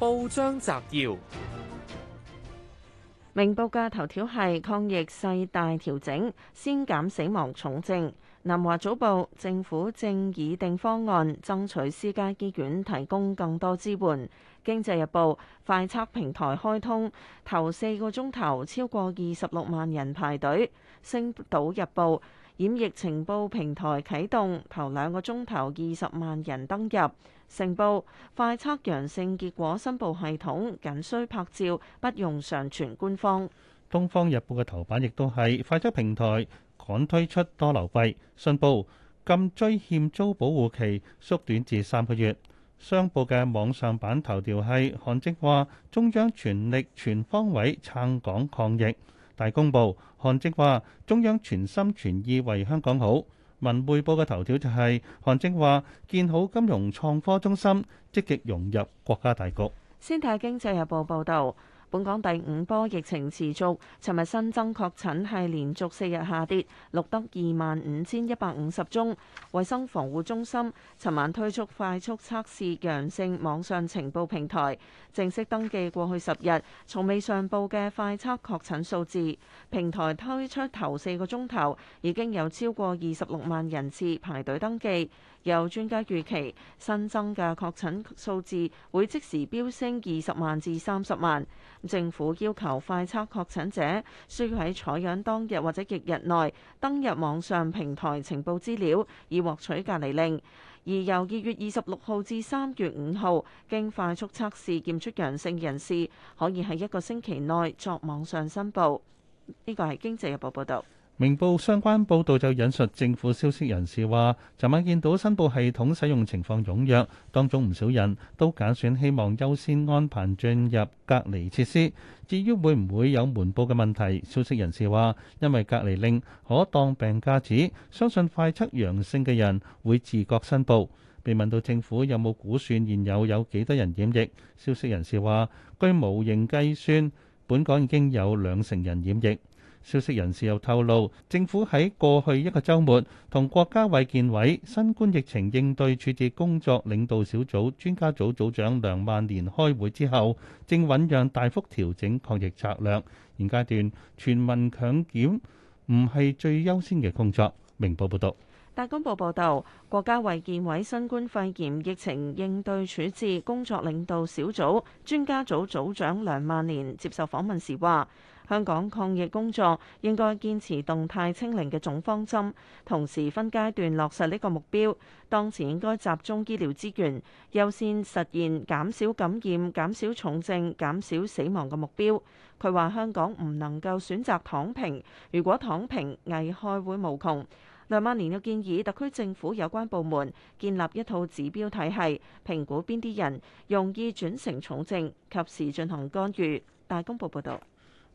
報章摘要：《明報》嘅頭條係抗疫勢大調整，先減死亡重症。《南華早報》：政府正擬定方案，爭取私家醫院提供更多支援。《經濟日報》：快測平台開通，頭四個鐘頭，超過二十六萬人排隊。《星島日報》。染疫情報平台啟動，頭兩個鐘頭二十萬人登入。成報，快測陽性結果申報系統，僅需拍照，不用上傳官方。《東方日報》嘅頭版亦都係快測平台趕推出多流費。信報，禁追欠租保護期縮短至三個月。商報嘅網上版頭條係韓正話中央全力全方位撐港抗疫。大公報，韓正話中央全心全意為香港好。文匯報嘅頭條就係、是、韓正話建好金融創科中心，積極融入國家大局。先睇經濟日報報道。本港第五波疫情持續，尋日新增確診係連續四日下跌，錄得二萬五千一百五十宗。衞生防護中心尋晚推出快速測試陽性網上情報平台，正式登記過去十日從未上報嘅快測確診數字。平台推出頭四個鐘頭已經有超過二十六萬人次排隊登記。有專家預期新增嘅確診數字會即時飆升二十萬至三十萬。政府要求快測確診者需要喺採樣當日或者翌日內登入網上平台情報資料，以獲取隔離令。而由二月二十六號至三月五號，經快速測試檢出陽性人士，可以喺一個星期內作網上申報。呢個係經濟日報報導。明報相關報導就引述政府消息人士話：昨晚見到申報系統使用情況踴躍，當中唔少人都揀選希望優先安排進入隔離設施。至於會唔會有瞞報嘅問題，消息人士話，因為隔離令可當病假紙，相信快測陽性嘅人會自覺申報。被問到政府有冇估算現有有幾多人染疫，消息人士話：據模型計算，本港已經有兩成人染疫。消息人士又透露，政府喺過去一個週末同國家衛健委、新冠疫情應對處置工作領導小組專家組組長梁萬年開會之後，正醞釀大幅調整抗疫策略。現階段全民強檢唔係最優先嘅工作。明報報道。《大公報》報道，國家衛健委新冠肺炎疫情應對處置工作領導小組專家組組長梁萬年接受訪問時話。香港抗疫工作應該堅持動態清零嘅總方針，同時分階段落實呢個目標。當前應該集中醫療資源，優先實現減少感染、減少重症、減少死亡嘅目標。佢話：香港唔能夠選擇躺平，如果躺平危害會無窮。梁萬年又建議特區政府有關部門建立一套指標體系，評估邊啲人容易轉成重症，及時進行干預。大公報報道。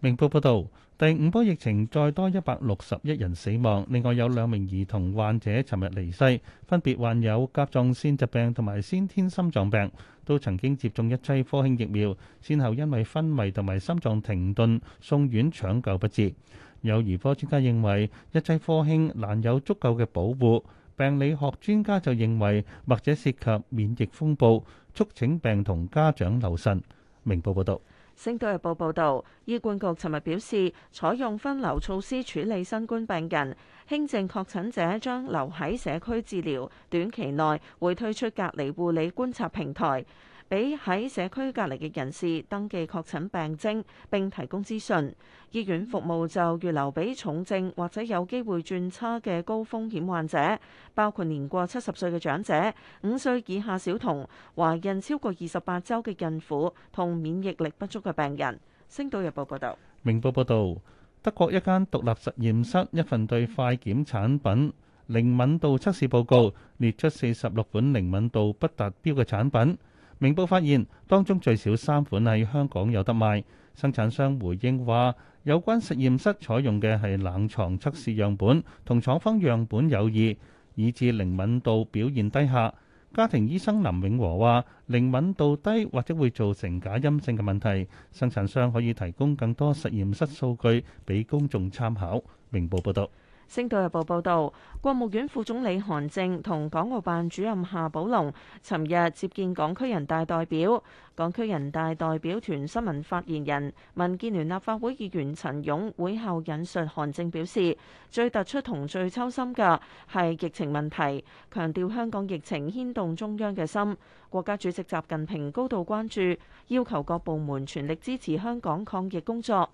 明報報導，第五波疫情再多一百六十一人死亡，另外有兩名兒童患者尋日離世，分別患有甲狀腺疾病同埋先天心臟病，都曾經接種一劑科興疫苗，先後因為昏迷同埋心臟停頓送院搶救不治。有兒科專家認為，一劑科興難有足夠嘅保護，病理學專家就認為，或者涉及免疫風暴，促請病童家長留神。明報報導。星島日報報導，醫管局尋日表示，採用分流措施處理新冠病人，輕症確診者將留喺社區治療，短期內會推出隔離護理觀察平台。俾喺社區隔離嘅人士登記確診病徵並提供資訊，醫院服務就預留俾重症或者有機會轉差嘅高風險患者，包括年過七十歲嘅長者、五歲以下小童、懷孕超過二十八週嘅孕婦同免疫力不足嘅病人。星島日報報道。明報報道，德國一間獨立實驗室一份對快檢產品靈敏度測試報告，列出四十六款靈敏度不達標嘅產品。明報發現，當中最少三款喺香港有得賣。生產商回應話，有關實驗室採用嘅係冷藏測試樣本，同廠方樣本有異，以致靈敏度表現低下。家庭醫生林永和話，靈敏度低或者會造成假陰性嘅問題。生產商可以提供更多實驗室數據俾公眾參考。明報報道。《星島日報》報導，國務院副總理韓正同港澳辦主任夏寶龍尋日接見港區人大代表，港區人大代表團新聞發言人、民建聯立法會議員陳勇會後引述韓正表示：最突出同最揪心嘅係疫情問題，強調香港疫情牽動中央嘅心，國家主席習近平高度關注，要求各部門全力支持香港抗疫工作。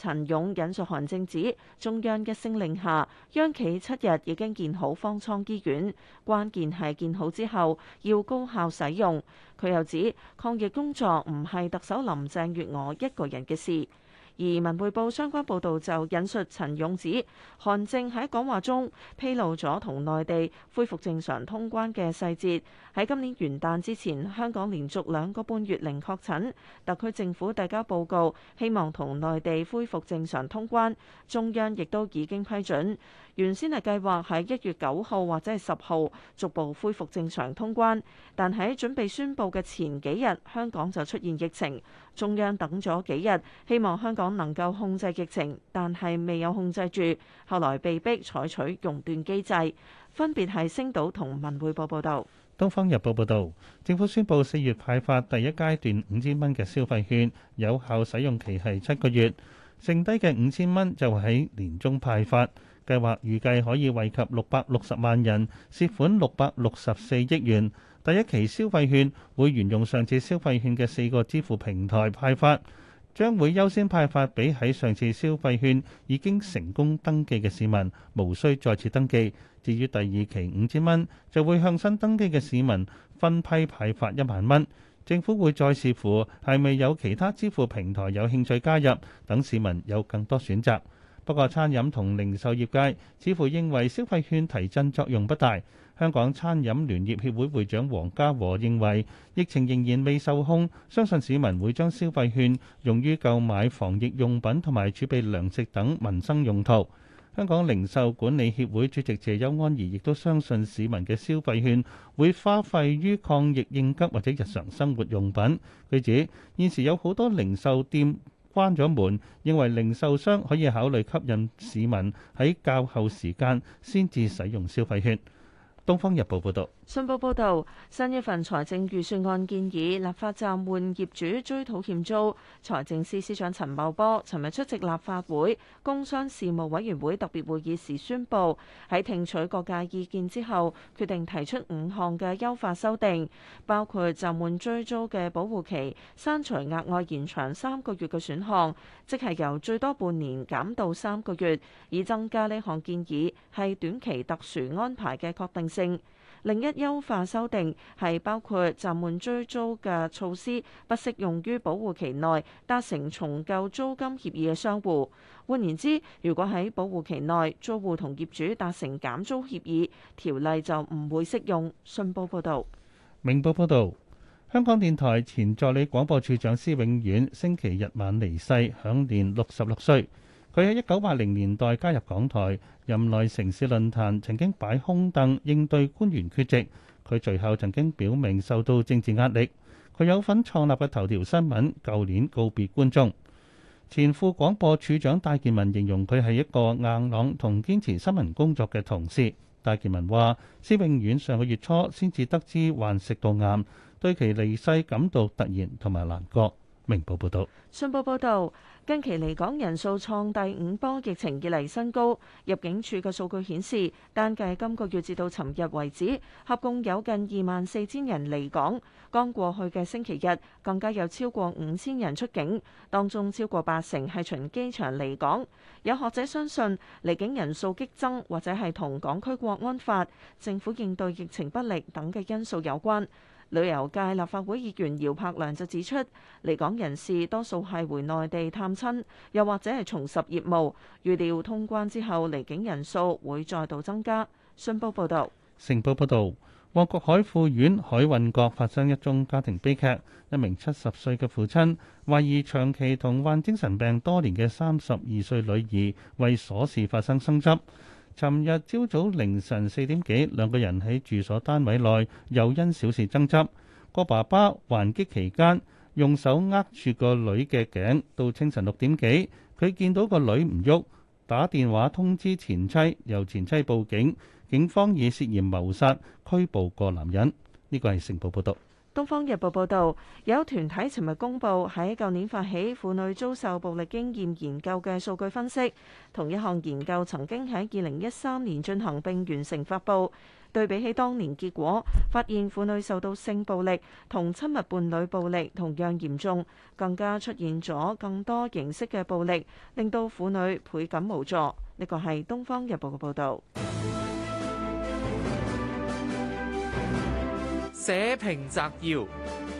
陳勇引述韓正指，中央一聲令下，央企七日已經建好方艙醫院，關鍵係建好之後要高效使用。佢又指，抗疫工作唔係特首林鄭月娥一個人嘅事。而文匯報相關報道就引述陳勇指，韓正喺講話中披露咗同內地恢復正常通關嘅細節。喺今年元旦之前，香港連續兩個半月零確診，特區政府遞交報告，希望同內地恢復正常通關，中央亦都已經批准。原先係計劃喺一月九號或者係十號逐步恢復正常通關，但喺準備宣佈嘅前幾日，香港就出現疫情，中央等咗幾日，希望香港。能夠控制疫情，但係未有控制住，後來被迫採取熔斷機制。分別係星島同《文匯報》報道。東方日報報道，政府宣布四月派發第一階段五千蚊嘅消費券，有效使用期係七個月，剩低嘅五千蚊就喺年中派發，計劃預計可以惠及六百六十萬人，涉款六百六十四億元。第一期消費券會沿用上次消費券嘅四個支付平台派發。將會優先派發俾喺上次消費券已經成功登記嘅市民，無需再次登記。至於第二期五千蚊，就會向新登記嘅市民分批派發一萬蚊。政府會再視乎係咪有其他支付平台有興趣加入，等市民有更多選擇。不過，餐飲同零售業界似乎認為消費券提振作用不大。香港餐飲聯業協會會長黃家和認為，疫情仍然未受控，相信市民會將消費券用於購買防疫用品同埋儲備糧食等民生用途。香港零售管理協會主席謝邱安儀亦都相信市民嘅消費券會花費於抗疫應急或者日常生活用品。據指，現時有好多零售店關咗門，認為零售商可以考慮吸引市民喺較後時間先至使用消費券。《東方日報》報導。信報報導，新一份財政預算案建議立法暫緩業主追討欠租。財政司司長陳茂波尋日出席立法會工商事務委員會特別會議時宣布，喺聽取各界意見之後，決定提出五項嘅優化修訂，包括暫緩追租嘅保護期，刪除額外延長三個月嘅選項，即係由最多半年減到三個月，以增加呢項建議係短期特殊安排嘅確定性。另一優化修訂係包括暫緩追租嘅措施，不適用於保護期內達成重舊租金協議嘅商戶。換言之，如果喺保護期內租戶同業主達成減租協議，條例就唔會適用。信報報道。明報報道，香港電台前助理廣播處長施永遠星期日晚離世，享年六十六歲。佢喺一九八零年代加入港台，任內城市論壇曾經擺空凳應對官員缺席。佢隨後曾經表明受到政治壓力。佢有份創立嘅頭條新聞舊年告別觀眾，前副廣播處長戴建文形容佢係一個硬朗同堅持新聞工作嘅同事。戴建文話施永遠上個月初先至得知患食道癌，對其離世感到突然同埋難過。明報報道。信報報道，近期離港人數創第五波疫情以來新高。入境處嘅數據顯示，單計今個月至到尋日為止，合共有近二萬四千人離港。剛過去嘅星期日，更加有超過五千人出境，當中超過八成係從機場離港。有學者相信，離境人數激增，或者係同港區國安法、政府應對疫情不力等嘅因素有關。旅遊界立法會議員姚柏良就指出，離港人士多數係回內地探親，又或者係重拾業務。預料通關之後，離境人數會再度增加。信報報道：「城報報道，旺角海富苑海運閣發生一宗家庭悲劇，一名七十歲嘅父親懷疑長期同患精神病多年嘅三十二歲女兒為瑣事發生爭執。尋日朝早凌晨四點幾，兩個人喺住所單位內又因小事爭執。個爸爸還擊期間，用手握住個女嘅頸。到清晨六點幾，佢見到個女唔喐，打電話通知前妻，由前妻報警。警方以涉嫌謀殺拘捕個男人。呢、這個係成報報導。《東方日報》報道，有團體尋日公布喺舊年發起婦女遭受暴力經驗研究嘅數據分析，同一項研究曾經喺二零一三年進行並完成發布。對比起當年結果，發現婦女受到性暴力同親密伴侶暴力同樣嚴重，更加出現咗更多形式嘅暴力，令到婦女倍感無助。呢個係《東方日報》嘅報導。社評摘要。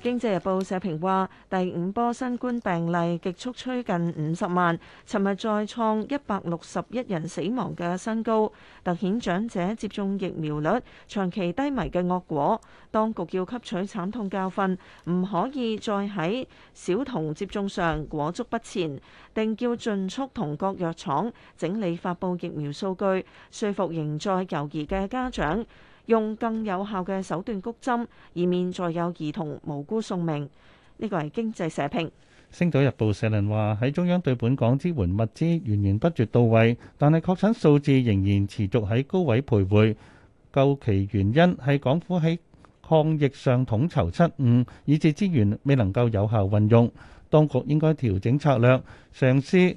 經濟日報社評話：第五波新冠病例極速趨近五十萬，尋日再創一百六十一人死亡嘅新高，突顯長者接種疫苗率長期低迷嘅惡果。當局要吸取慘痛教訓，唔可以再喺小童接種上裹足不前，定叫盡速同各藥廠整理發佈疫苗數據，說服仍在猶豫嘅家長。用更有效嘅手段，谷針以免再有兒童無辜送命。呢個係經濟社評。星島日報社論話：喺中央對本港支援物資源源不絕到位，但係確診數字仍然持續喺高位徘徊。究其原因係港府喺抗疫上統籌失誤，以致資源未能夠有效運用。當局應該調整策略，嘗試。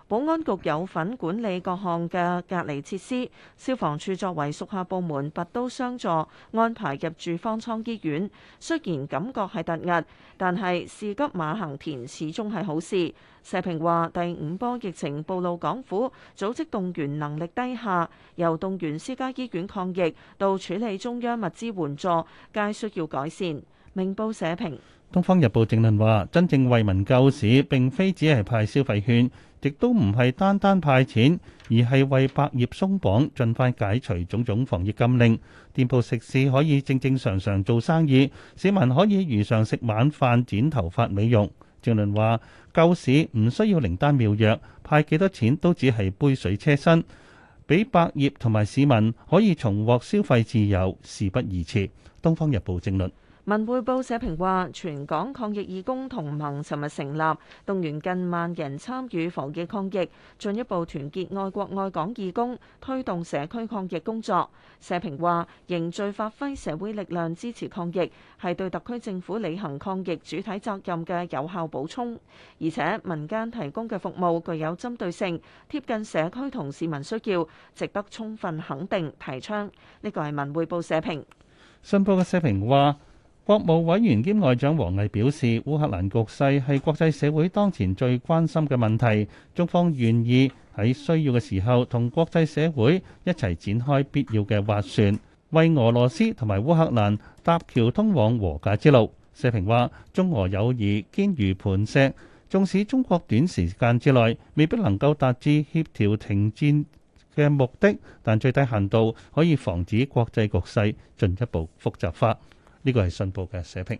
保安局有份管理各項嘅隔離設施，消防處作為屬下部門拔刀相助，安排入住方艙醫院。雖然感覺係突兀，但係事急馬行田，始終係好事。社評話第五波疫情暴露港府組織動員能力低下，由動員私家醫院抗疫到處理中央物資援助，皆需要改善。明報社評，《東方日報》政論話真正為民救市並非只係派消費券。亦都唔係單單派錢，而係為百業鬆綁，盡快解除種種防疫禁令，店鋪食肆可以正正常常做生意，市民可以如常食晚飯、剪頭髮、美容。正論話救市唔需要靈丹妙藥，派幾多錢都只係杯水車薪，俾百業同埋市民可以重獲消費自由，事不宜遲。《東方日報》正論。文匯報社評話，全港抗疫義工同盟尋日成立，動員近萬人參與防疫抗疫，進一步團結愛國愛港義工，推動社區抗疫工作。社評話，凝聚發揮社會力量支持抗疫，係對特區政府履行抗疫主體責任嘅有效補充。而且民間提供嘅服務具有針對性，貼近社區同市民需要，值得充分肯定，提倡。呢個係文匯報社評。新報嘅社評話。國務委員兼外長王毅表示，烏克蘭局勢係國際社會當前最關心嘅問題。中方願意喺需要嘅時候同國際社會一齊展開必要嘅斡旋，為俄羅斯同埋烏克蘭搭橋通往和解之路。社評話：中俄友誼堅如磐石，縱使中國短時間之內未必能夠達至協調停戰嘅目的，但最低限度可以防止國際局勢進一步複雜化。呢個係信報嘅社評。